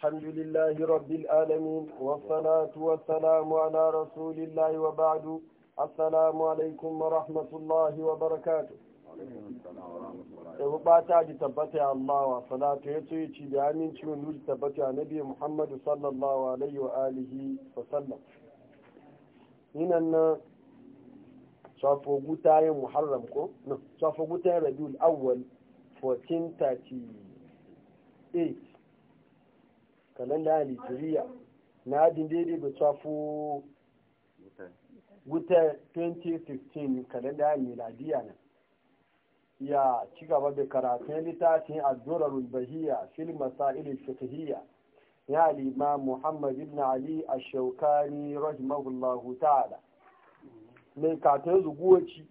الحمد لله رب العالمين والصلاة والسلام على رسول الله وبعد السلام عليكم ورحمة الله وبركاته Ewu ta ji tabbata Allah wa salatu ya tsoye ci da aminci wa nuri tabbata a biyu Muhammadu sallallahu alaihi wa alihi wa sallam. na shafo gutayen Muharram ko? No, shafo Rabiul Awwal 1438. da nigeria na adin daidai ga tsafo wuta 2016 da miladiya na ya ci gaba da karatun littafin addu'ar Bahiya, fil masail fiqhiyya ya lima Muhammad ibn Ali a shaukani rahimahullahu ta'ala mai katon zuguwaci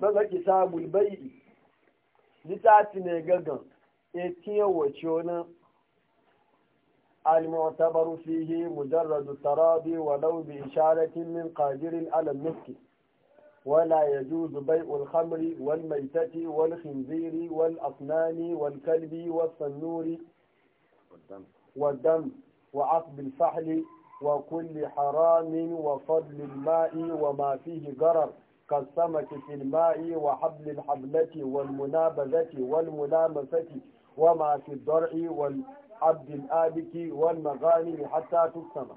zaki samun bai'i littafin ne gagan 18 e, wacce wani المعتبر فيه مجرد التراضي ولو بإشارة من قادر على النسك ولا يجوز بيع الخمر والميتة والخنزير والأصنام والكلب والصنور والدم, والدم وعصب الفحل وكل حرام وفضل الماء وما فيه ضرر كالسمك في الماء وحبل الحبلة والمنابذة والملامسة وما في الضرع عبد الآبك والمغانم حتى تسمى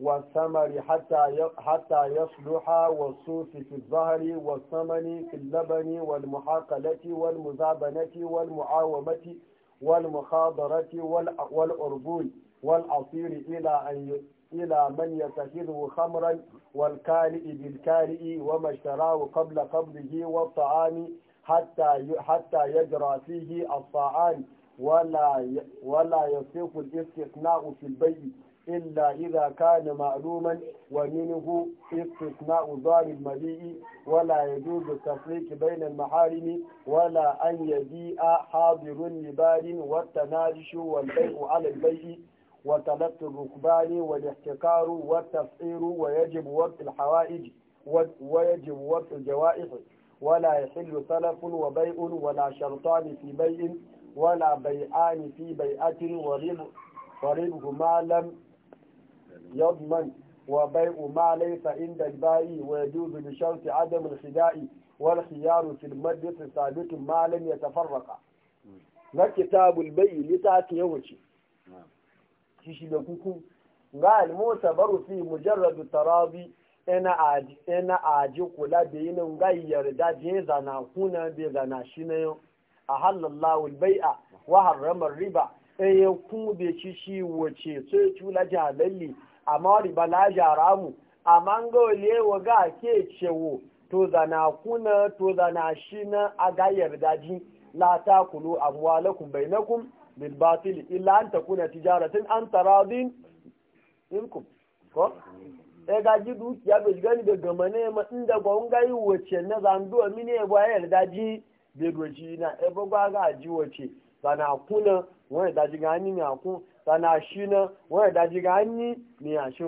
والثمر حتى حتى يصلح والصوف في الظهر والثمن في اللبن والمحاقلة والمزابنة والمعاومة والمخاضرة والأربول والعصير إلى أن إلى من يتخذه خمرا والكارئ بالكارئ وما اشتراه قبل قبله والطعام حتى حتى يجرى فيه الطعام ولا ولا يصح الاستثناء في البيع إلا إذا كان معلوما ومنه استثناء دار المبيع ولا يجوز التفريق بين المحارم ولا أن يبيع حاضر لبال والتناجش والبيع على البيع وتلت الركبان والاحتكار والتفعير ويجب وقت الحوائج ويجب وقت الجوائح ولا يحل سلف وبيع ولا شرطان في بيع wala bai ani fi bai atin waribu malam yadman wa bai umalai fa'in da bayi wa yajuzu bi sharti adam al-khida'i wal khiyaru fil majlis sabit malam yatafarraqa na kitabul ta litati yawace shi shi da kuku ga al-musa fi mujarradu tarabi ina aji kula da yinin ga yarda je zana kuna bai zana shi na yau a halallahu bai'a wa harramar riba in ya bai ci shi wace sai cula jalalli amma riba la jaramu amma a wale wa ga ke cewo to zana kuna to zana shi na a ga yardaji la ta kulu amwalakum bainakum bil batil illa an takuna tijaratin an taradin minkum ko e ga ji dukiya bai gani da gamane ma inda gwangayi wace na zanduwa mine ba yardaji bedoji na ebe gwa ga ji wace sana kuna wani daji gani ne akun sana shi na wani daji gani ne a shi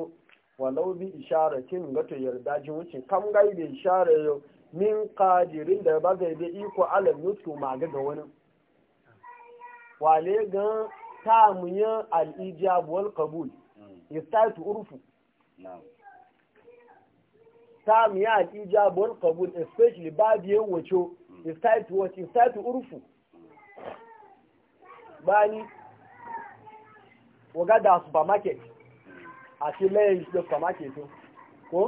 walau ishara kin ga to yarda jin wuce kam gai da ishara yau min kadirin da ba zai da iko alam yutu ma ga wani wale ga ta munya al-ijab wal qabul yastatu hmm. urfu ta munya al-ijab wal qabul especially ba biyan wacho istatu wace istatu urfu bani waga da supermarket àti lẹ́yìn ìṣẹ́ supermarket kó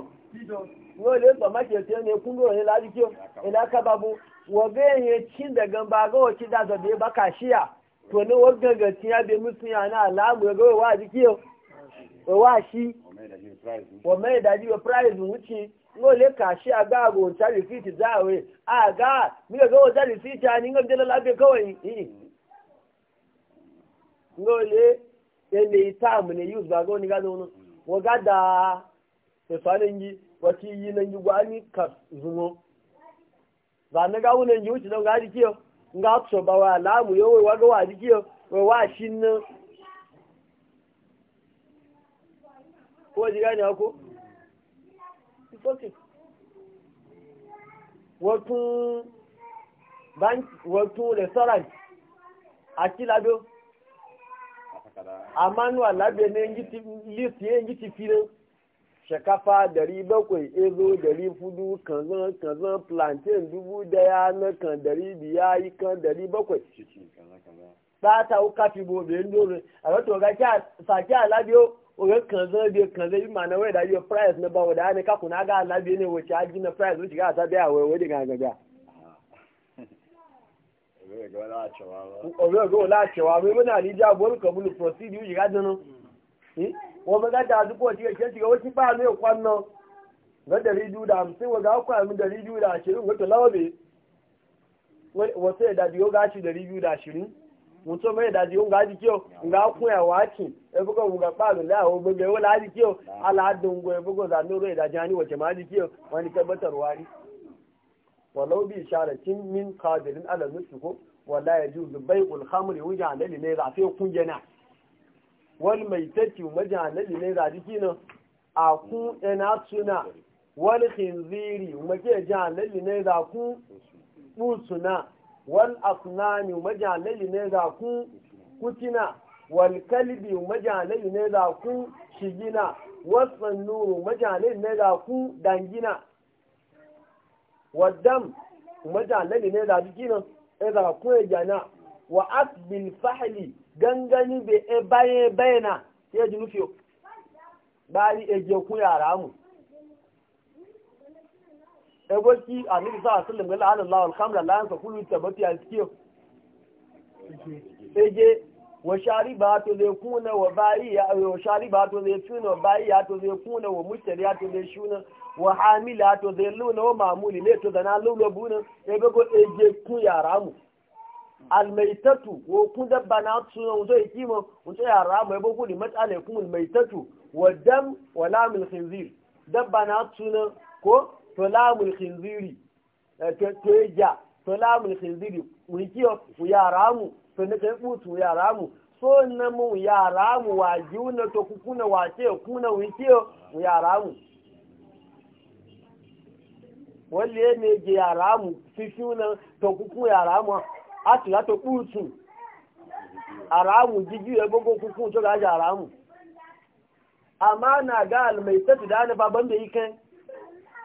wọ́n lè supermarket yẹn ní kúndùn òní láti kí o ìlà kábàbù wọ́n bẹ́ yẹn tí dẹ̀gàn bá gọ́wọ́ tí dáadọ̀ bí bá kàṣíyà tó ní wọ́n gẹ̀gẹ̀ tí yẹn bí mú sí yàn náà láàmú ẹgbẹ́ kí wọ́n mẹ́rin dájú pé price wuce ti ń ó lè kà sí agbáàgò ọ̀tá rìsíìtì dáàwé àgá mi kò kọ́ ọ̀tá rìsíìtì àní ń gbé lọ́lábẹ́ kọ́wọ́ yìí. ń ó lè ele táàmù ti yi wuce don ga jikiyo nga wa wa wa wa ko ji gane ko it's okay wọ́tún bank wọ́tún restaurant àti labio amanu alabe ne list yin ji ti filin shakafa dari bakwai ezo dari fudu kanzan kanzan plantain dubu daya na kan dari biya yi kan dari bakwai ta ta uka fi bobe ndoro a wato ga sake alabiyo oge kanzan kan zan bi ma'ana wey da yi price na wo da ne kaku na ga alabi ne wace aji na price wuce ga ta biya wai wani gaga biya oge oge lacewa mai muna rija bolu bulu procedure wuce ga dunu dinu hm? wo bẹ ga àdúgbò du ko ti ti ti ga ga wo pa kwa no gọwọ́ sí pàá ní òkwan náà gọ́dẹ̀ rí júdà sí da gáwọ́kọ́ àmì dẹ̀ rí júdà ṣerú gọ́tọ̀ láwọ́bẹ̀ wọ́n sí ẹ̀dà dìó gáṣì dẹ̀ rí júdà shirin mutu mai daji nga di kyo nga kun ya waki e bugo nga palu la o bugo wala di kyo ala go e bugo za nuru e daji ani wace ma di kyo wani tabbatar wani walau bi sharatin min qadirin ala nusuko wala yajuzu bai'ul khamri wujan lali ne za sai kun jana wal maitati wuja lali ne za di kino a ku ina tuna wal khinziri wuja lali ne za ku usuna wal asnani majalali ne za ku kutina wal kalbi majalali ne za ku shigina wasan nuru majalali ne za ku dangina wadam majalali ne za jikina e za ku e jana wa asbil fahli gangani be e baye bayana ya e ji fiyo bari e je ku yara mu ɗagwaki a nufi sa a sallam ga la'anar lawal kamar la'an sa kulu ta mafi a cikin ege wa shari ba to zai kuna wa bayi ya wa shari ba to zai tuna wa bayi ya to zai kuna wa mushtari ya to zai shuna wa hamila to zai luna wa mamuli ne to zana lula bunan ya ko? ege kun yara mu almaitatu wa kun dabba na suna wuce ya kima wuce yara mu ya bago ne matsala kun almaitatu wa dam wa lamil khinzir dabba na suna ko tolamul khinziri eh, teja tolamul khinziri wikiyo ya ramu to ne kai butu ya ramu so na mu ya ramu wa juna to kukuna wa ce kuna wikiyo ya ramu wale ne je ya ramu fifuna to kukun ya ramu ati la to butu aramu jiju ya gogo kukun to ga ja ramu amma na ga almai tafi da ne baban da yi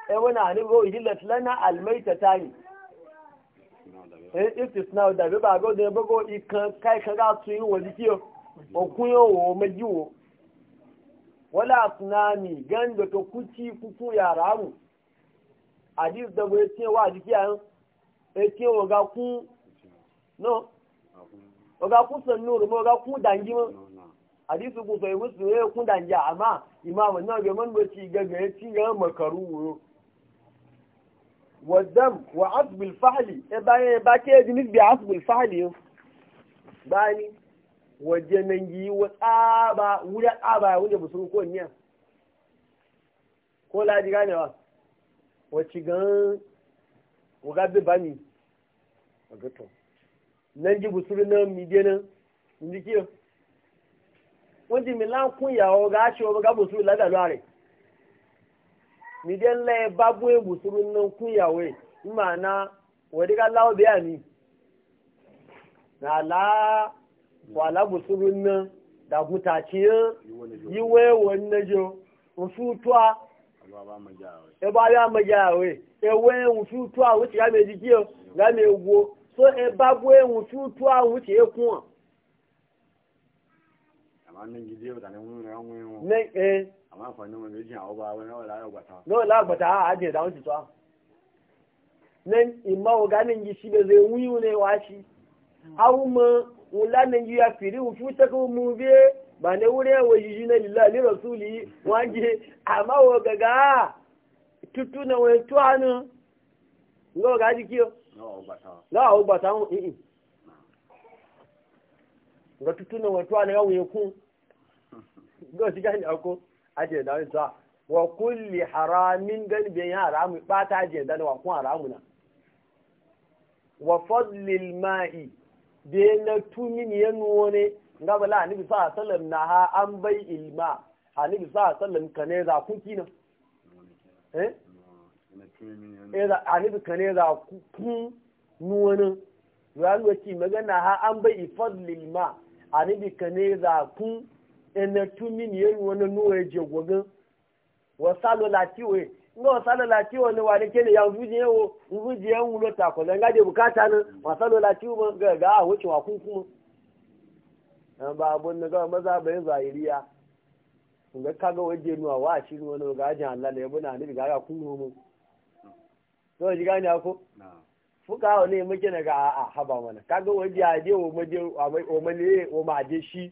ai eh, wani hannun ga ihillat lana almaita eh, is now da bi ba ga da bago ikan kai kan ga su yi wani kiyo okun yowo wo. wala tsunami gan da to kuci kuku yara mu hadis da bai e ce wa jiki an e ce wa ga ku no wa ga ku san nuru ma ga ku dangi ma hadis ku sai musu ne ku dangi amma imam na ga man ba ci gaga ya ci ga makaru والدم وعصب الفحل باكي جنس بعصب الفحل باني wajenangi wa tsaba wuda tsaba wanda ba sun ko niya ko laji ganewa wacce gan waga bi bani nan ji busuru na midiya nan milan kun yawo ga shi wa ga busuru lare midan laye babu ya busurun nan kuyawe imana wadda ka lawa biya ni Nala, la wala busurun nan da gutaciye yi waye wannan jo nfutuwa eba ya magiyawe ewe nfutuwa wuce ya mai jikiyo ga mai ugwo so e babu e ya nfutuwa wuti ya kuwa. nan gidiyo da nan wuni na yan wuni. àmọ́ àǹfààní náà láàrọ̀ gbàtà. náà láàrọ̀ gbàtà ti nan da zai wuyu ne wa shi hmm. ma wula nan yi ya firi wufu mu biye ba ne na lillahi rasuli amma tutu na ga kiyo nga tutu na aje da wani sa wa kulli haramin galibin ya haramu ta ajiye da wa kun haramu na wa fadlil ma'i da na tumin ya nuwane nga bala anibi sa sallam na ha an bai ilma anibi sa sallam kane za ku kina eh eh anibi kane za ku kun nuwane ya lokaci magana ha an bai fadlil ma anibi kane za ku ene tumi ni yenu wani nuwa ya je gwagin nga wasalo latiwe ni wani kele ya uvuji yewo uvuji yewo ulo tako na ngaje bukata ni ga ga a wuce wa kuma an ba abun na ga maza bai zahiriya nga kaga waje nuwa wa shi wani ga ajin Allah da yabuna ga ga kuma mu to ji gani ako fuka a na ga a haba mana adị waje a je shi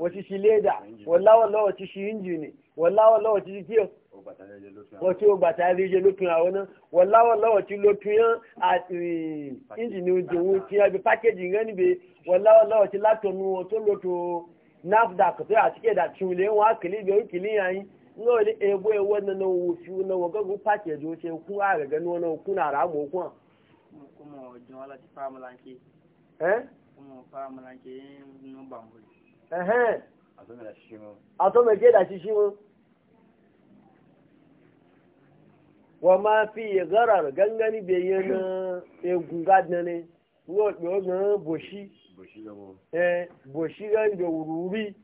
wọ́n leda ṣe léèdà wọ́n láwọ̀ lọ́wọ́ ti ṣe íńjìnì wọ́n láwọ̀ lọ́wọ́ ti ṣe kí o wọ́n tí o gbàtà rí ṣe lókun àwọn náà wọ́n láwọ̀ lọ́wọ́ ti lókun yán àti íńjìnì òjòwò ti ẹbí pákéjì rẹ níbi wọ́n láwọ̀ lọ́wọ́ ti látọ̀nu nke A hein. Atome ke da shi shimo. Wa ma fi zarar gangani be yana e gunga dane. Wo na boshi. Boshi da mo. Eh, boshi ga nge wururi.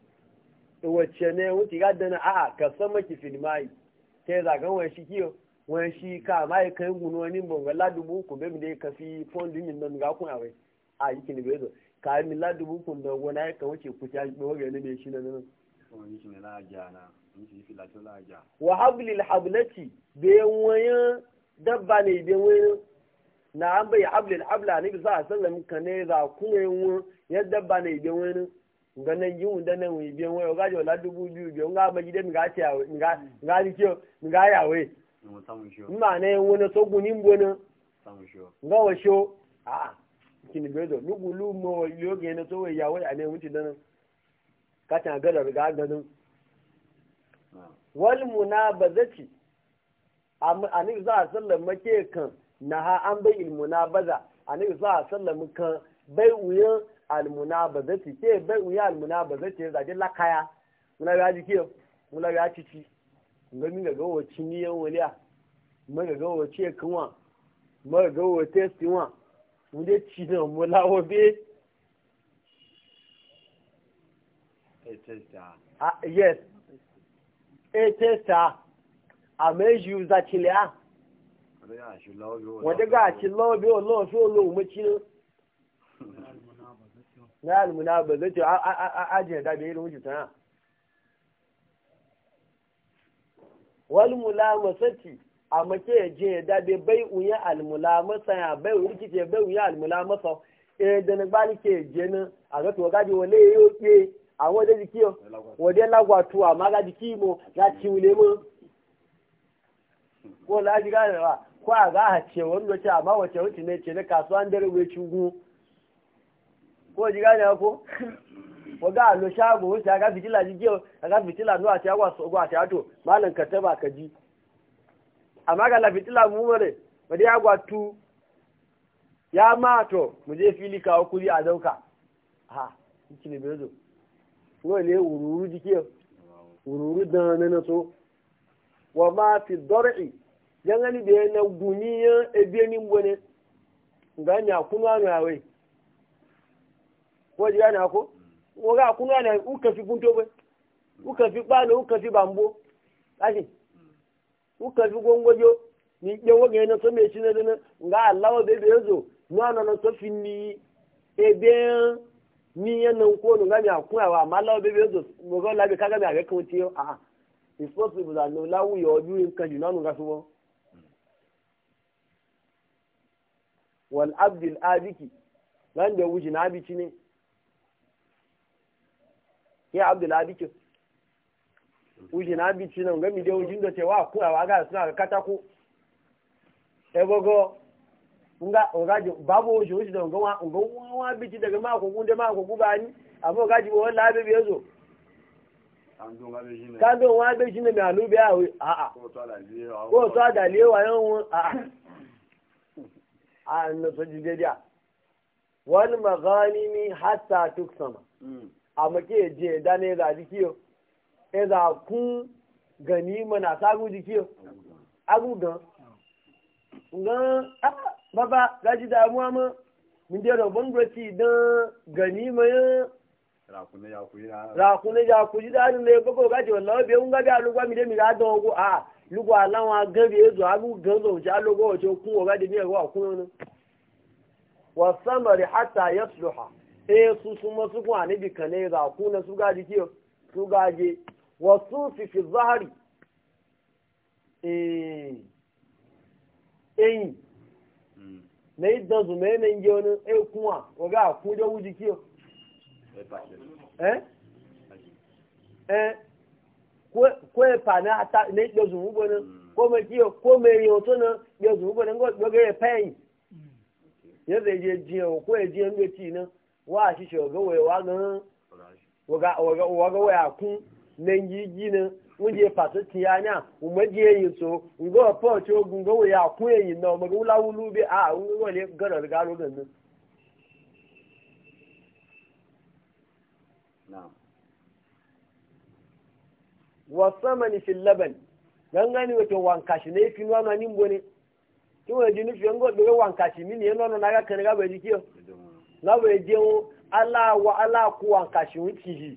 E wace ne o ti ga dane a a ka san maki fi ga wani shi kiyo. Wani shi ka mai kai gunu wani bonga ladu bu ko be ka fi fondin nan ga kun awe. A yi kini be zo. kayan mila dubu kun da wani ya kawo ce kuta shi ɓawar mai shi na nan. wa hablil hablati bayan wayan dabba ne na an bai hablil habla ne bisa a sallam ka ne za kuma yin wani ya dabba ne bayan wani nga yi wunda nan wani bayan wayan ga jola dubu biyu biyu nga ba gidan nga ce nga ni ce ne wani nga wa a'a kini bedo nugulu mo yoge na to ya wai ane wuce dan ka ta ga da ga ga ganin wal munabazati ani za a sallama make kan na ha an bai il munabaza ani za a sallama kan bai wuyan al munabazati ke bai wuyan al munabazati da je lakaya muna ya ji ke mula ya ci ngami ga gawo yan waliya ga gawo ce kanwa maga gawo testiwa múlé tì náà mo láwọ bí. yes ete sa ameji uza chile a wadda ga ci lobe olon fi olon maci na almuna ba zai ce ajiyar da bai rubuta tana walmula amma ke je da be bai uya almula masa ya bai urki ke bai uya almula masa e da na gbali ke je na a ga to gaji wale yo pe àwọn de dikiyo wode lagwa a ma ga dikimo ga tiule mu ko la ji ga ba ko a ga hace wanda ce amma wace wuce ne ce na kasuwan dare we chugu ko ji ga ko waga a lo shago wuce a ga fitila ji kiyo a ga fitila nuwa ta yawa so ga ta to malan ka ka ji amma ga lafitila mu mare wadda ya gwatu ya mato mu je fili kawo kuri a dauka ha ciki ne bezo zo wani ne wururu jike wururu da na na so wa ma fi dor'i yangani da yana guniyan ebenin wani ga ni akunu anu awai ko jiya na ko ko ga akunu anu uka fi punto bai uka fi bano uka fi bambo kashi kuka fi gongojo ni ke ya na so me na dana nga ala be ezo zo na na na so ebe e be ni ya nan ko no wa ma Allah be be zo mo go la be kaga me aga kan ti o ah it's possible that no lawu yo ju nkan ju na no ga wal abdul adiki nan da wuji na abici ne ya abdul adiki uji na abici nan gami da ujin da cewa kurawa ga suna ga katako gogo e nga ogaji babu oji oji da ngawa ngawa wa abici daga ma ko gunde ma ko gubani amma ogaji bo wallahi be bezo kando wa be jin me alu a awe a a ko to le wa yan a a a no to jide dia wal maghanimi hatta tuksama hmm. amma ke je ne da dikiyo ẹ̀dà kún gani mana sagu jiki agugan gan baba gaji damuwa ma min dai rabon gwati gani mai rakuna ya kuji da hannun ya bako gaji wallawa bai unga da alugwa mi dai mi a lugu alawa gan bai zo agu gan alugwa wace kun oga da miyar e wa e kun wasufi fi zahari eyin na idan zume na inje wani ekunwa waga akun da wuji kiyo eh eh ko epa na ata na ugbo na ko kiyo ko me yin oto na ugbo na epa eyin ti na wa sise oga wewa gan waga ga waya kun nan yi ginin wuje fasa tiyana umaje yi so ngo po cho ngo ya ku yi na ma wula wulu bi a ngo le gara ga lo gan nan wa samani fil laban gani wato wankashi shi ne fi nwa ni mbone ti wa jini fi ngo be wankashi shi mi ne no na ga kan ga be jikiyo na be wo ala wa ala ku wankashi wuti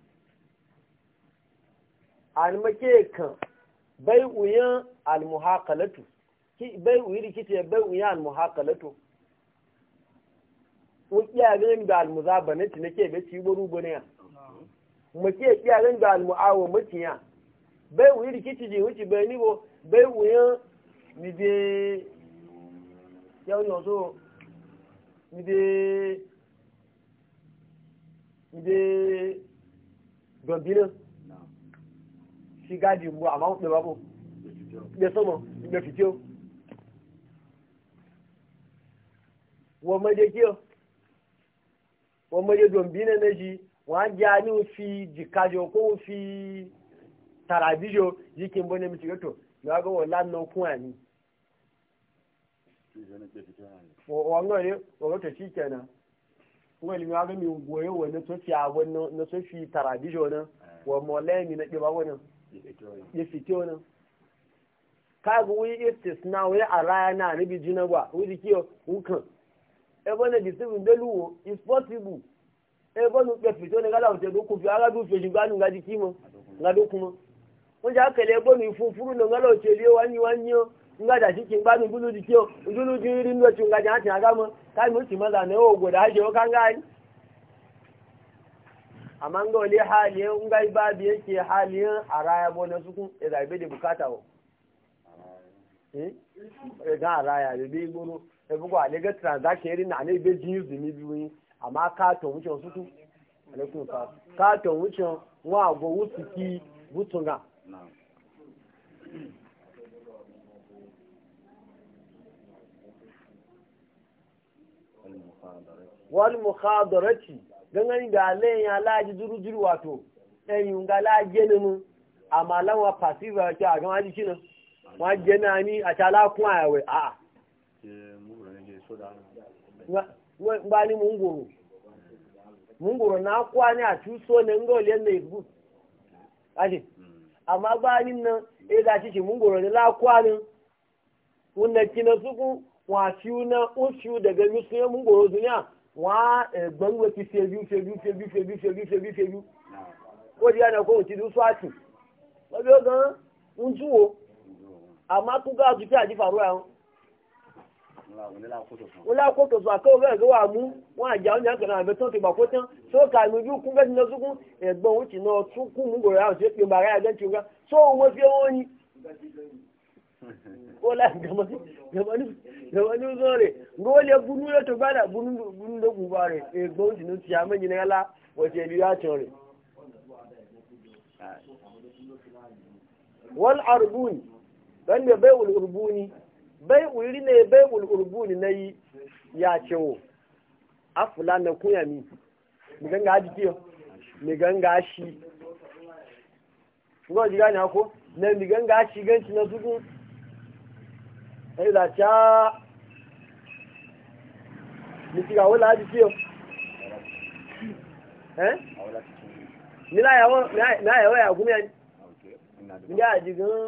almake kan bai uyan almuhaqalatu ki bai uyi rikice bai uyan almuhaqalatu ko kiya ganin da almuzabanati nake be ci boru gone mace kiya ganin da almu'awo mutiya bai uyi rikice je wuce bai ni bo bai uyan ni de yau so ni de ni de ti gáàdì mu àmọ́ pè wá bò gbé sọmọ gbé fìdí o wọ́n mọdé kí o wọ́n mọdé dòmbí nínú ẹ̀jì wọ́n fi jìkájọ kó fi tàràdíjọ yìí kí n bọ́ nẹ́mi tìrẹ́tò lọ́wọ́ gbọ́ wọ́n lánà kún àní. wọ́n náà kuma wani sofi na sofi tarabijo nan wa na ya fito nan kaga wuyi istisna na a araya na nabi jinaba wuyi kiyo hukan ebona disibu beluwo is possible ebona pe fito ne gala ote do ku fi ara du feji gbanu ngaji kimo ngado kuma won ja kele ebona ifufuru no gala ote le wani wani o ngada shi kin gbanu gulu dikiyo gulu jiri no chunga ja ti agamo kai mo ti mala ne o oh, goda je o oh, kan gani amma ga wale haliyan ungai babu yake haliyan haraya bo na sukun ya zabe da bukata wa eh ga haraya da bi guru da bugu ale ga transaction irin na ne be jin zumi biyu amma ka wucin suku sukun alaikum salam ka to wuce wa go wusuki butunga wal mukhadarati gangan ga alayin laji zuru zuru wato ɗanyin ga alaje ne mu pasiva ya ce a gama jiki nan na jẹ náà ní àtàlà kún àwẹ̀ àà ngba ni mò ń gòrò mò na gòrò ni a ní àtúnṣó ní ń gòrò lẹ́nu ìgbù àti àmọ́ gbá a ní ń nà na sukùn wọn àfiú náà ó fiú dẹ̀gẹ́ lóṣù wọ́n ẹ̀gbọ́nwé eh, ti fejú fejú fejú fejú fejú fejú fejú ó di ẹnà kó ti dùn swati wọ́n bí ó gan ń tú wo àmọ́ kúkọ́ àtúntí àdìfàrú ẹ̀ wọ́n lá kótó sọ àkọ́ òfin ẹ̀gbẹ́ wà mú wọn àjà oúnjẹ kan àbẹ tó ti gbà kó tán tó kà ní ojú kún bẹ́ẹ̀ ti lọ sókún ẹ̀gbọ́n òun ti náà tún kún mú gòrò àwọn tí ti rẹ̀ kola gamanu zore gole bunu ya to bada bunu bunu da gubare e gonji no tiya manyi na yala wace biya tore wal arbun dan da bai urbuni bai uri ne bai na yi ya cewo afula na kuya mi mi ganga ajiki mi ganga shi ko ji gane ko na mi ganga shi ganci na tukun ẹ̀yìn làṣà ní ti àwọn làájú sí o ẹ̀yàgúnmí ẹni nígbà àjìgún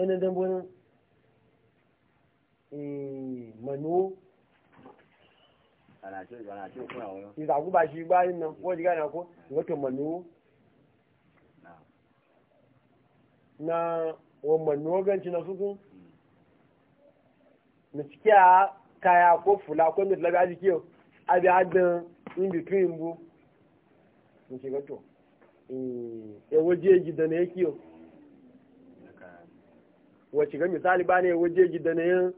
ẹni dẹ́gbónú mọ̀núwó ìsàkúbàṣí gbá nínú wọ́n ti gáyà kó ìwọ́tò na wọ́n mọ̀núwó gẹ́ǹtì náà sókún miskiya kaya ko fula ko mai labi aji kiyo abi adan in between bu mun ce gato e eh, waje gida ne kiyo wace ga misali ba ne waje gida ne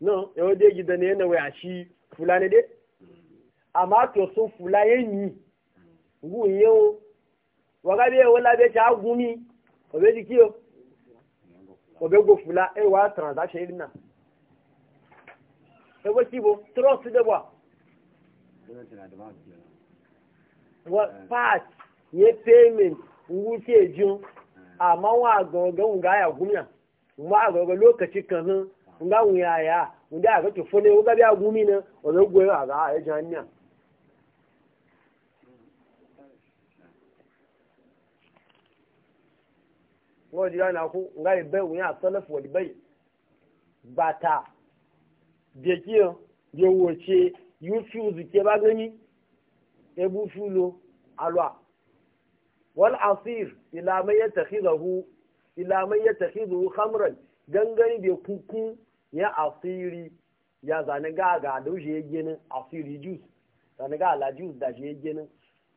no e waje gida ne na waya shi fula ne dai amma to sun fula yayi ngu yau waga be wala be ta gumi obe dikiyo obe go fula e wa transaction irin na. ẹgbẹ́ tí bo trọ́ọ̀sì dẹ̀ wà. wọ́n part yẹ payment ngú tí è jun àmọ́ wọn àgọ̀ngàn ga àyà gómìnà wọn àgọ̀ngàn lókàtí kan hàn ń ga wọn àyà ń dá àgọ́tò fúnni wọn gábí àgómìnà ọ̀lọ́gbọ̀n àgá ẹ̀jẹ̀ ní à. wọ́n di lánàá kú ń ga ìbẹ́ ìwé àtọ́lẹ́fọ̀ ìbẹ́yì bata da kiyo da wace yufi zuke ba gani ebu fulo alwa wal asir ila man yatakhidahu ila man yatakhidahu khamran gangani da kuku ya asiri ya zane ga ga daushe ya ginin asiri jus zane ga ala jus da shi ya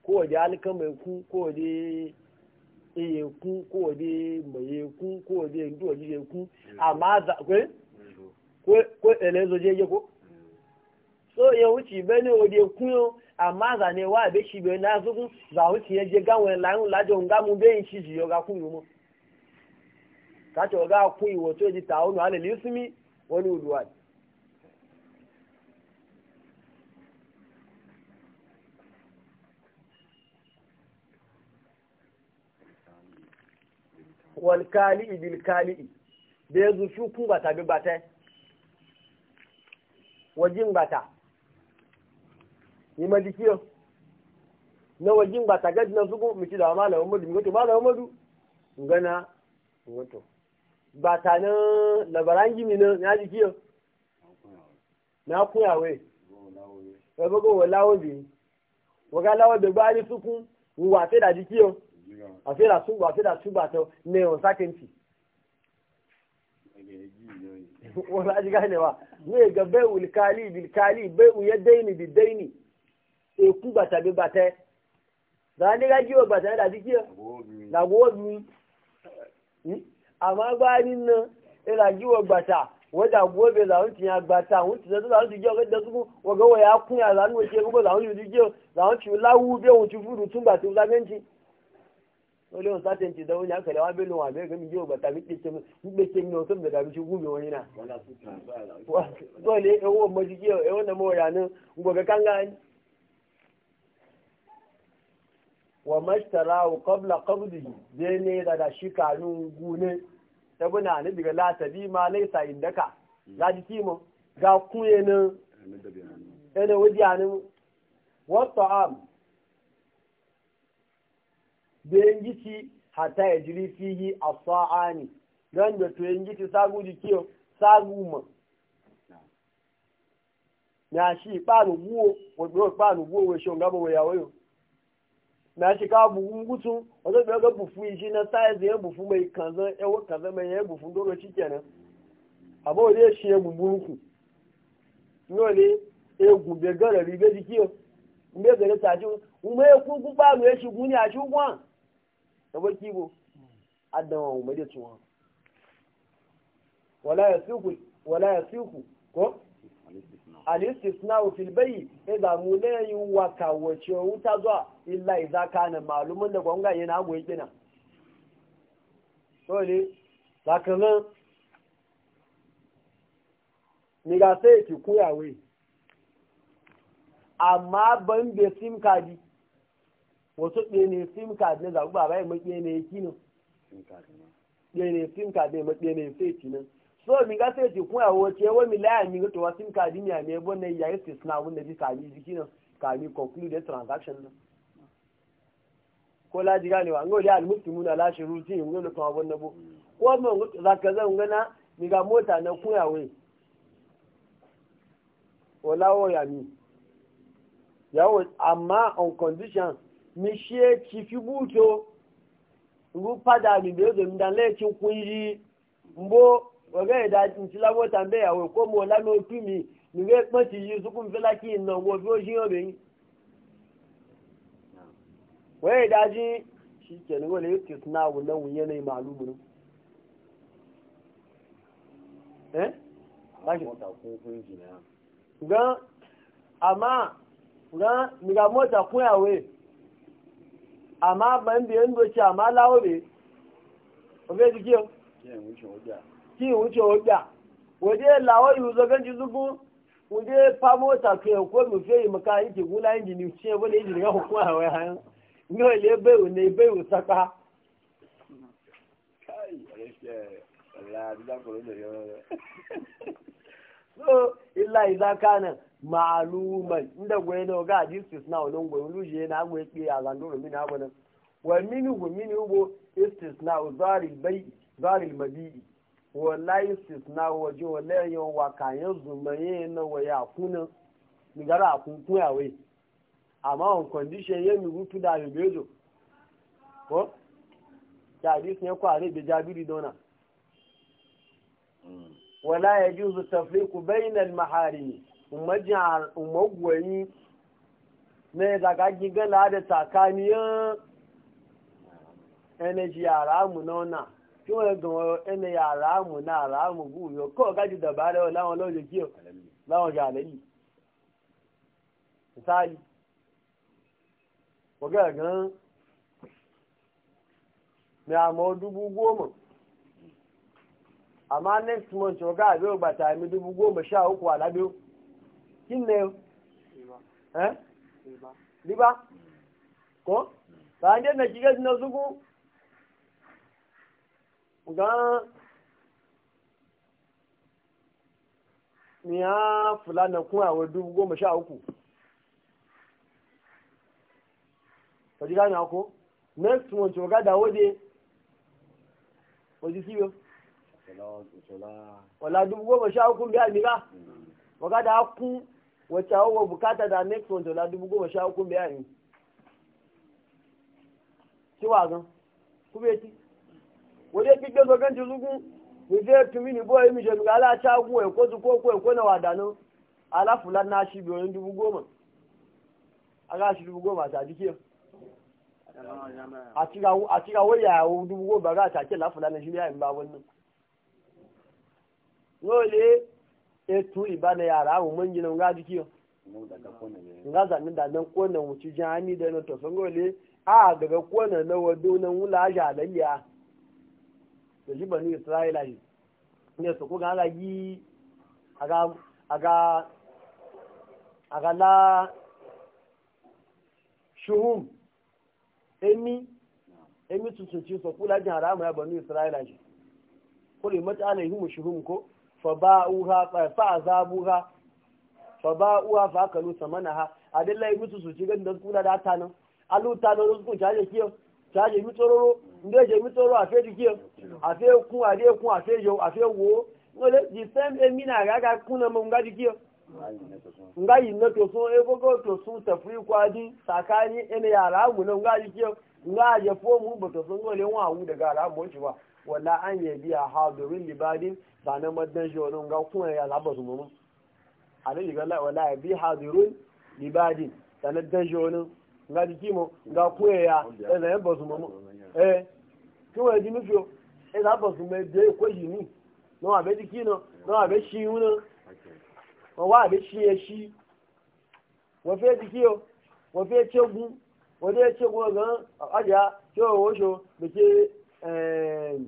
ko da alkan mai ku ko da iye ku ko da mai ku ko da ndo ji ku amma za eh? ko elezo je ko so ya wuce bane o de kuyo amma za ne wa be shi be na zugun za wuce ya je un la jo nga mu be yin shi yo ga kuyo mu ka to ga kuyo wo to di tawo no ale lismi wani uduwa wal kali'i bil kali'i da ya zuci kun ba tabi ba wajen bata ni ma na wajen bata gadi na zugo miki da wa mudu mu to malamin mudu ngana wato bata na labarangi mi na ya dikiyo na kuyawe ebe go lawo bi waga lawo be ba ni sukun wa fe da dikiyo afira su wa fe da su to ne on sakenti wani aji ganewa ne ga bai ulkali kali, bai uya daini bi daini e ku ba tabi ba ta za ni ga jiwa ba ta da jiki na gobi hmm? amma ba ni nan ila e, jiwa ba ta wadda gobe za wuce ya ba ta wuce da za wuce jiwa da su waga waya kunya za ni wuce gobe za wuce jiwa za wuce lawu bai wuce furu tun ba ta wuzaganci wale on satin ti dawo ya kala wa belo wa be gami yo ba ta bi ce mu be ne no tum da ga bi gumi wani na dole e wo mo ji e wona mo ya ne ngo ga Wa mashtara wa mashtarahu qabla qabdihi dai ne daga shi kanun gune tabuna ne daga la tabi ma laisa indaka za ji timo ga kuye ne ene wadi anu wa ta'am bayan gici hata ya jiri fihi a sa'ani don da to yin gici sagu jike sagu ma na shi kparu guwo wato kparu guwo wa shi ngaba wa yawayo na shi ka buhu gutu wato da ga bufu yi shi na size ya bufu mai kanzan ewo kanzan mai ya bufu doro shikenan abo ne shi ya buburuku nole egun be gara ribe jike mbe gare ta ume ku ku ba mu ya shi guni a shi gwan kamar kibo adawa mu da tuwa wala yasiku wala yasiku ko al-istisna'u fil bay'i ne yi wa kawace wuta zuwa illa idza kana malumin da gonga yana yake na. dole sakanan ni ga sai ki kuyawe amma ban da sim kadi wasu ɗene sim card na zaɓi baba ya maƙe ne ya kino ɗene sim card ne maƙe ne ya sai kinan so mi ga sai ci kuma wo ce wo mi la mi to wa sim card mi ame bo ne ya yi na wun da ji kami ji kinan kami conclude the transaction na ko laji ji gane wa ngoli al muslimun ala shuruti ngol to abon na bo ko mo zaka zan ngana mi ga mota na kuya we wala wo ya mi yawo amma on conditions mi ṣe ti fi búùtò ìlú padà nìbí ó dòmí dáná lẹ́yìn kún yí mbó ọ̀rẹ́ ìdá ìtìláwó tàbí ìyàwó kó mu ọ̀lànà òkú mi nìgbẹ́ pọ́n ti yí sukùn fẹ́lá kí n nà fi ó ṣí ọ̀rẹ́ yín. wọ́n ìdá jí ṣì kẹ̀lé wọ́n lè kìí sinna àwọn náà wọ́n yẹn ní màálù mu. gan àmà gan nìgbà mọ́ta kún ìyàwó yìí. amma ban biyan doci amma lawobe ofe jiki yau ki wuce hujja waje lawo yi zo ganji zugu waje famo ta ke ko mu fe mu ka yi gula yin ni ce bole yi ga hukuma wa ya ni o le be o ne be o so illa idza ma'aluman inda gwaye na ga na wani gwaye na gwaye ke a zandoro min abu wa mini hu mini hubo istisna zaril bai mabi'i waje wallahi yawan wakayen zumaye na waya kunan gara kun kuyawe amma on condition ya mi rutu da ribejo ko ta hadisi ne jabiri dona ولا يجوز umagwayi na daga gigala da tsakaniyar energy yara mu nona kí wọ́n gan ẹni yàrá mu náà yàrá mu gùn yóò kọ́ kájú dàbà rẹ̀ láwọn lọ́jọ́ kí o láwọn ṣe gan ni àmọ́ dúbú gómà àmọ́ next month kí ni ẹ riba kọ́ sàájẹ́ nà kíkẹ́ sí náà sókún gan miya fulana kun a dubu goma sha uku ka ji gane ako next one ci gada wode wajen siyo wala dubu goma sha uku biya miga da kun wacce hawa bukata da next one dola dubu goma sha hukun biya ne ci wazan ku bai ci wajen kike so ganci zugun wuje tumi ni boye mi jami ala cha gun e ko zuko ko kuwa ko na wadano ala fulan na shi biyo dubu goma aga shi dubu goma ta dike a ciga a ciga dubu goma ga ta ke la na shi biya in ba wannan dole etu na yara ahu mun gina nga jiki nga zanin da nan kona wuci jani da na tosan gole a daga kona na wado na wula ja lalya da ji bani isra'ila shi ne su kuka ala yi aga aga aga la shuhum emi emi tuntun ci so kula jin haramu ya bani isra'ila shi kuli mata alaihim shuhum ko faba'uha fa'azabuha faba'uha fa'akalu samanaha adilla mutu su ci gan da kula da ta nan alu ta nan su ta je kiyo ta je mi tororo nde je mi tororo afi di kiyo afi ku ade ku afi yo afi wo ngole di same e mina ga ga kuna mo nga di kiyo nga yi na to so e gogo to so ta fri kwadi sakani ene yara mu na nga di kiyo nga je fo mu bo to so ngole wa wu daga ala mo ci wa wala an ya biya ha domin libadin ba na madan shi wani ga kuma ya zaba su mamu a nan shiga wala ya biya ha libadin da na dan shi wani ga jiki mu ga kuma ya zaba ba su mamu eh kuma ya ji nufi ya zaba su mai da ya kwashi ni na wa jiki na na wa shi yi na wa bai shi ya shi wafe jiki yo wafe cegun wọ́n dé ṣe wọ́n gan ọjà tí ó wọ́n ṣo lè ṣe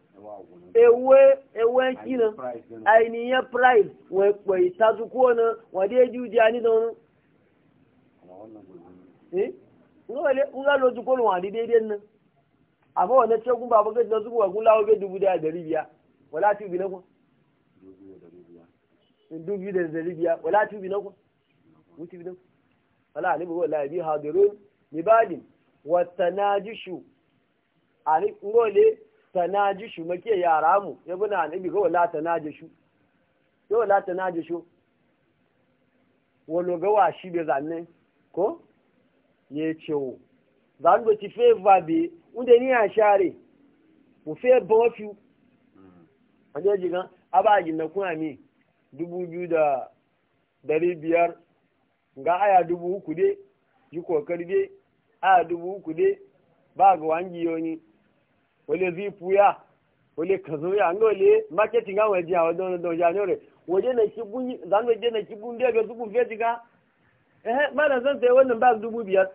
ewe ewe kina ainihin price wai kwai ta zuko na wadda ya juji a ni da wani eh nga lo zuko na wadi daidai nan amma wannan cikin babu gaji na zuko wa gula wa dubu da dari biya wala tubi na kwa dubu da dari biya wala tubi na kwa wuce bidan wala alibu wala bi hadirun libadin wata najishu a ngole tanajishu make yara mu ya guna annabi ga wala tanajishu ya wala tanajishu walo ga washi be zanne ko ye cewo zan go ti favor be unde ni a share mu fe bofiu wanda mm. ji gan abajin na kuna mi dubu biyu da dari biyar ga aya dubu uku dai ji kokari dai aya dubu uku dai ba ga wangiyo wale zipu ya wale kazo ya ngo le marketing an waje a wadon don ya ne waje na kibun zan waje na kibun da ga zubun fe diga eh ma da zan sai wannan ba dubu biyar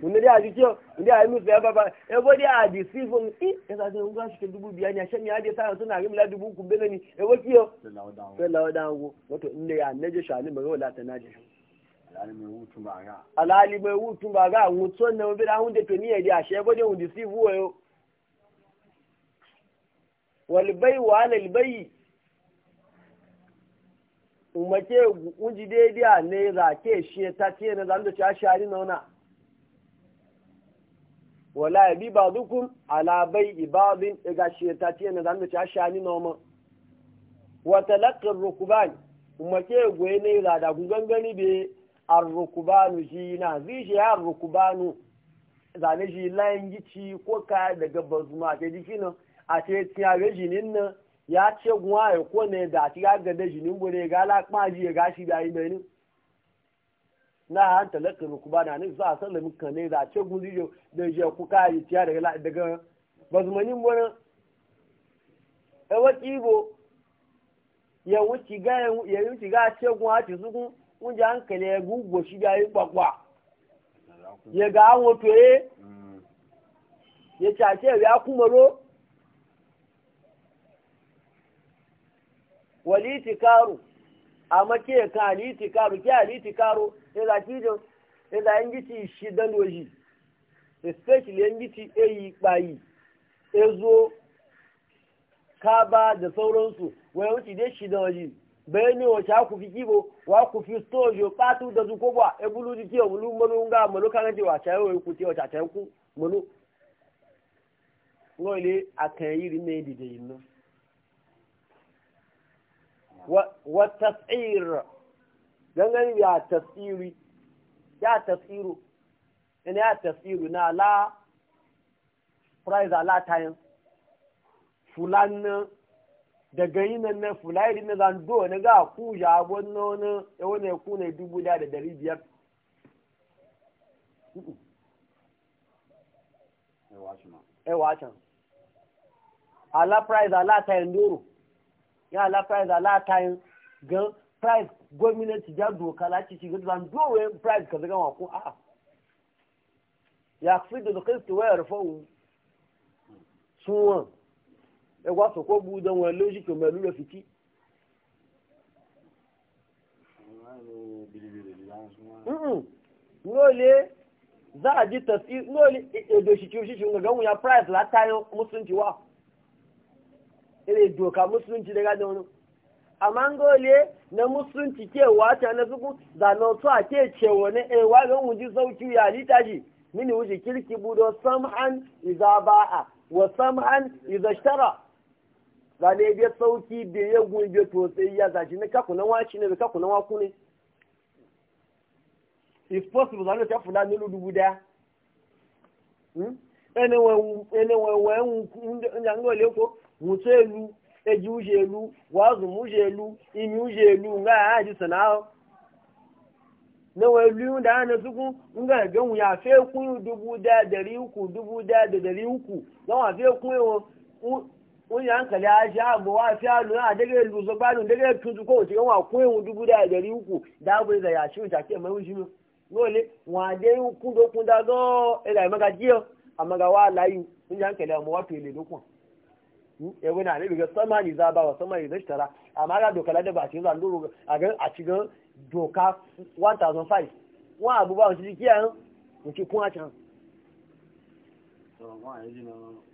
mun da aji kiyo mun da ayi musu ya baba e bo da aji sifun i e e ya sa sun gashi ke dubu biyar ne a shan ya da sa suna ga mila dubu ku benani e bo kiyo sai lawa dango wato inda ya naje shani ba wala ta naje alhali mai hutun ba ga hutun na mafi da hunde to niyyar da shi ba da hunde sifu e Wal walbai wa alalbai umarke unji daidai ne za ke shi e ta ce na zan da ci shari na wana wala ya e bi ba dukun alabai ibabin ga shi ta ce na zan da ci shari na wama wata lakar rukuban umarke goye ne za da gungangani bai arrukubanu shi na zai shi ya arrukubanu zane shi layan gici ko ka daga bazuma ta jiki nan a ce tiya ga jinin nan ya ce guwa ya kone da ci ga gada jinin bude ga lakma ji ya gashi da yi mai na an talaka rukubana ne za a sallami kan ne da ce guzi da je kuka yi tiya daga daga bazumanin e wani ewa kibo ya wuce ga ya wuce ga ce guwa ci sukun wunja hankali ya gugu shi ya yi kwakwa ya ga an wato eh? mm. ya ya cace ya kumaro waliti karu a make ka aliti karu ke aliti karu ya za ki jo ya za yin gici shi dan waji especially yin gici eyi bayi ezo kaba da sauransu wani wuce dai shi dan waji bayani wa sha ku fi kibo wa ku fi sojo patu da zuko ba e di ti o bulu mulu nga mulu kan ti wa chayo ku ti o cha chayo ku mulu ngo ile yiri ne di de yin wa wa tasir ya tasiri ya tasiru ina ya tasiru na la price ala time fulani daga yi nan na fulayi na zando na ga ku jagon na wani ya wani ya kuna dubu da dari biyar ewa eh, can ala price ala ta yin doro ya ala price ala ta yin gan price gwamnati ja doka lati shiga zando wa price ka zaga ko a ya fi da kristi wayar fawo suwan ẹgbà sọ̀kọ́ bu dán wọn lójú mẹ́lú lọ fi kí. n'ole za a ji e, e, price musulunci wa musulunci daga da wani amma ngole na musulunci ke wata na suku da na otu a ke cewa na e ga wuji sauki ya lita shi mini wuce kirki budo sam'an iza ba'a wa sam'an iza shtara ba ne biya sauki da ya gobe to sai ya zaji na kaku na waci ne da kaku na waku ne if possible zanu ta fula nilu dubu daya ẹni wọn wọn ń lọ lẹkọọ wùtọ èlú eji uje elu wazu muje elu imi uje elu nga ya ji sana'o na wa elu da ana suku nga ga mu ya fe ku dubu da dari uku dubu da da dari uku na wa fe kun yo wọ́n yà ń kàlẹ́ aṣọ àbọ̀ wá fi elu ụzọ àdégé lùsọ gbádùn dégé tuntun kó tí wọ́n kún ìhun dúdú dá ẹ̀dẹ̀rí ukù dáàbò ìdà yàtí ìjà kí ẹ̀mọ́ ìwúṣí mi wọ́n lé wọ́n àdé ń kún tó kún dá gán ẹ̀dà ìmọ̀gá jí ọ àmọ̀gá wa láyù wọ́n yà ń kàlẹ́ ọmọ wa fi èlè lókun. ẹ̀wẹ́ náà lè bìkẹ́ sọ́mà ní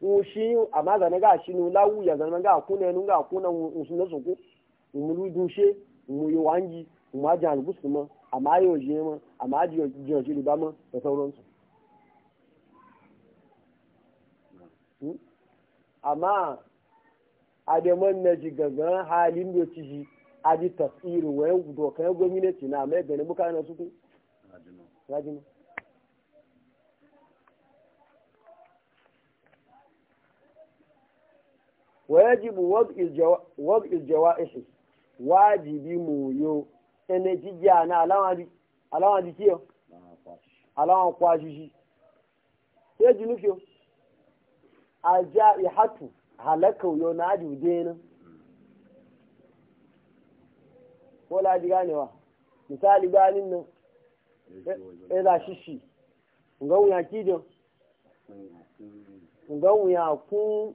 ushi amma zane ga shi nula wuya zane ga kuna nun ga kuna usun na soko umuru dushe mu yi wangi mu ma amma ma amma ma da sauransu hmm? amma ademan na ji gangan halin da ci ji a ji tasirin wayan dokan gwamnati na mai gani muka na suku ويجب وضع الجوا... وضع الجوائح واجب مويو ان تجي انا علامه علامه دي كيو علامه قواجي يجي نفيو الجائحه halaka yau na adi wuje nan ko ganewa misali ganin na ya za shi shi ngan wuya ya kun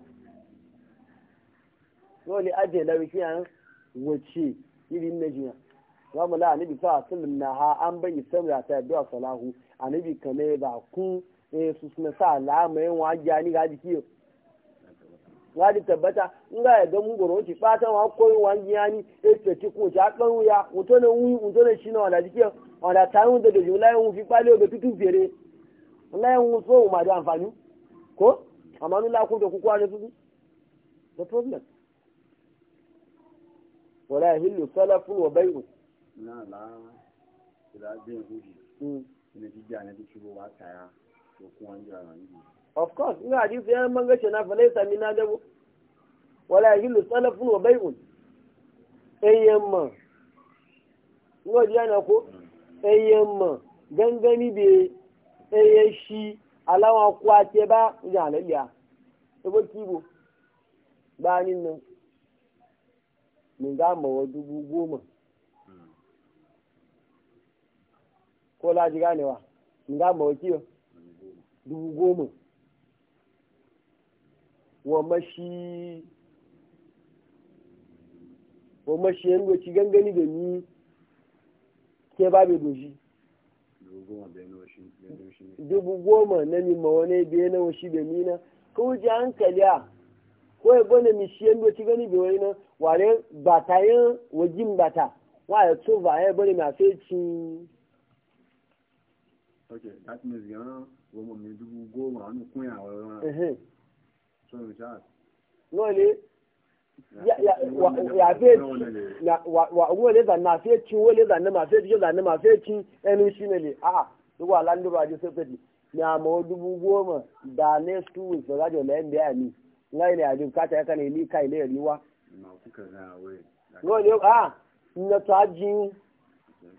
dole aje lawi kiyan wace irin na jiya ramu la anabi fa sallam na ha an bai samra ta du'a salahu anabi kame ba ku eh su suna sa alama yin wajiya ni ga jiki ga di tabbata in ga ya ga mun goro eh, ci wa koyi wajiya ni e ce ci ko ja kan wuya muto ne wi muto ne shine wala jiki wala tayu da da julai fi pale tutu fere so ma da amfani ko la ku da ku kwa ولا يهل سلف وبيع لا لا لا of course ina hadisi yan man gace na fa laisa min adabu wala yahillu salafun wa bai'un ayyamma ngo ji ana ko ayyamma gangani be eye shi alawa kwate ba ya laliya ebo kibo ba nin nan min gama wa dubu goma ko laji ganewa min gama wa kiyo dubu goma wa mashi wa mashi yan goci gangani da ni ke ba bai doji dubu goma na nima wani biye na washi da mina ka wuce hankali a ko ya bane mi shi yanda ci gani biyoyi nan ware bata yin wajin bata wa ya to ba ya bane mi a sai ci okay that means yana goma mai dubu goma wani kunya wa yana so mi ta lole ya fe wa wo le zan na fe ci wo le zan na ma fe ci zan na ma fe ci enu shi ne le a'a ah, ah, duk wa landu ba ji sai fadi ni a ma dubu goma da next two weeks ba za ta yi la'in biya ni ngai ne ajin kata ya kane ni kai ne riwa no ne ah na to ajin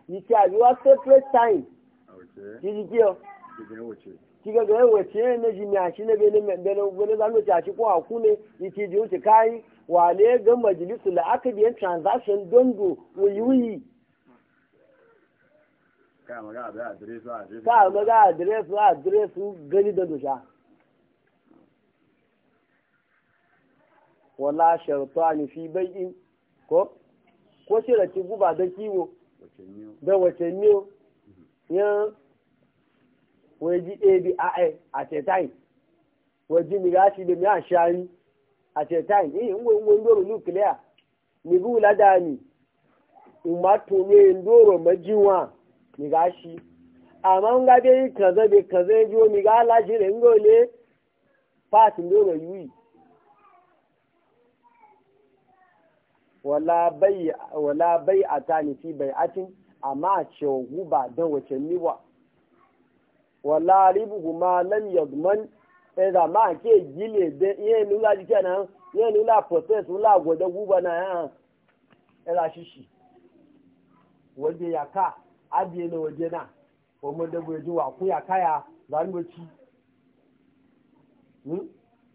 ni ti ajiwa separate time jiji kiyo kiga ga wace ne ji mi ashi ne bele bele bele zanu ta shi ko akune yiti ji wuce kai wale ga majalisu la aka biyan transaction dondo wuyuyi ka ma ga adresu adresu gani da dosha wala shartani fi bai'in ko ko shirati guba da kiwo da wace miyo yan waji abi a eh, a ce tai waji mi shi da mi a shari a ce tai eh in wani wani doro nuclear ni gula da ni umma to me ndoro majiwa mi gashi amma nga be kaza be kaza jo mi ga la shi ne ngole pass ndoro yui wala bai a tani fi bai atin amma a cewa guba don wace niwa wala ribu eh, ma lam yadman ẹ̀dà máa ké ìjìnlẹ̀ dé na ní ńlá jíjẹ́ náà yẹn ní ńlá protest ńlá àgọ̀dọ̀ gbúgbà náà yẹn ẹ̀dà ṣíṣì wọ́n na yàká adìẹ náà wọ́n jẹ náà ọmọdébùrẹ́jú wà fún yàká yà ci. Hmm?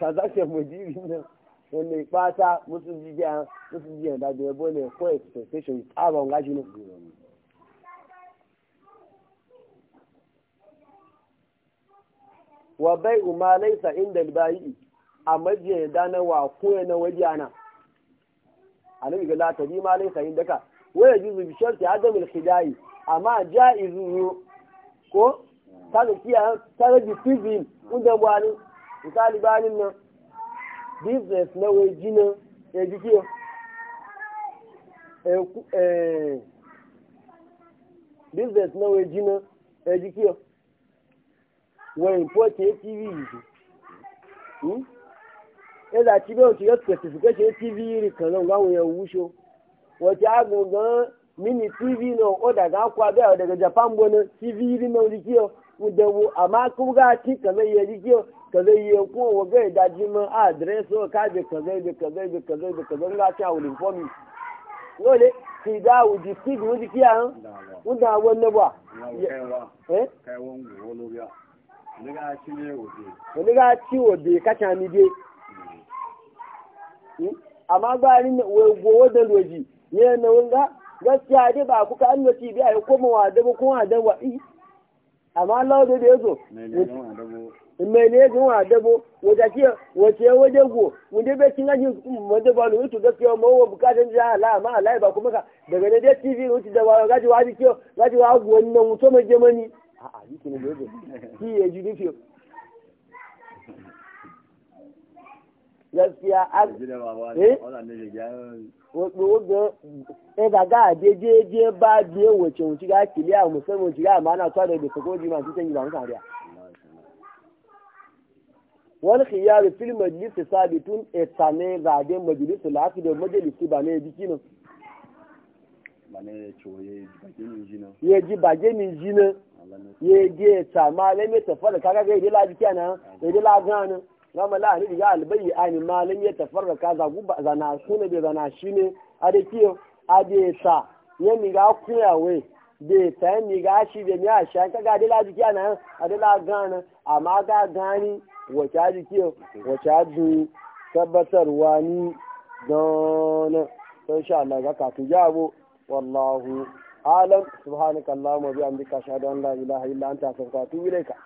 transaction mojiri nan wanda ya fata musu jijiya musu jijiya da da yabo ne ko expectation tsaron gashi ne wa bai ma laisa inda bayi a majiya da na wa koya na waje ana annabi ga latari ma laisa inda ka waya juzu bi sharti al khidai amma jaizu ko kaga kiya kaga bi tibin inda wani misali bayanin business na na ya ji business na na ya ji kiyo eh, eh, wọ́n import atv yìí ẹ̀dà tí bẹ́ẹ̀ tí yọ certificate atv kan náà láwọn èèyàn wúṣọ wọ́n mini tv na ó dàgbà kó japan bọ́ na tv iri na rí kí ọ ń dẹ̀wò àmọ́ kaza yi ko wa ga da jimin address ka be kaza be kaza be kaza be kaza ga ta wuri for dole ki da wuji ki wuji ki an wanda wanne ba eh kai won go lo ya ni ga ci ne wode ga ci ka ta ni de mm. hmm? amma ba ni wo go da loji ne na gaskiya dai ba kuka an mene zuwa wa dabo wata ce wace waje go mun dai bai kinga jin mun da balu to gaskiya mu wa bukatun ja ala ma ala ba kuma ka daga ne dai tv wuce da wa gaji wa ji kiyo gaji wa wannan mutum mai jamani a e? a yi kin gobe ki ya ji ni gaskiya a eh wato wato ba ga je je je ba je wace wuce ga kiliya musamman wuce ga ma na tsare da sakoji ma su san yi ba Wani khiyar fil majlis sabitun etane zade majlis lafi da majalisi ba ne biki nan ye ji baje ni jina ye ji eta ma le me ta fara kaga ga idila biki nan idila gana gama la ni ga albayi ani ma le me ta fara kaza guba zana sune be zana shine ade kiyo ade ta ye ni ga kuyawe de ta ni ga shi be ni a shan kaga idila biki nan adila gana amma ga gani wace aji ke wace aji tabbatarwa ni don sun sha Allah ga kafin jabo wallahu alam subhanakallahumma bihamdika ashhadu an la ilaha illa anta astaghfiruka wa atubu ilayka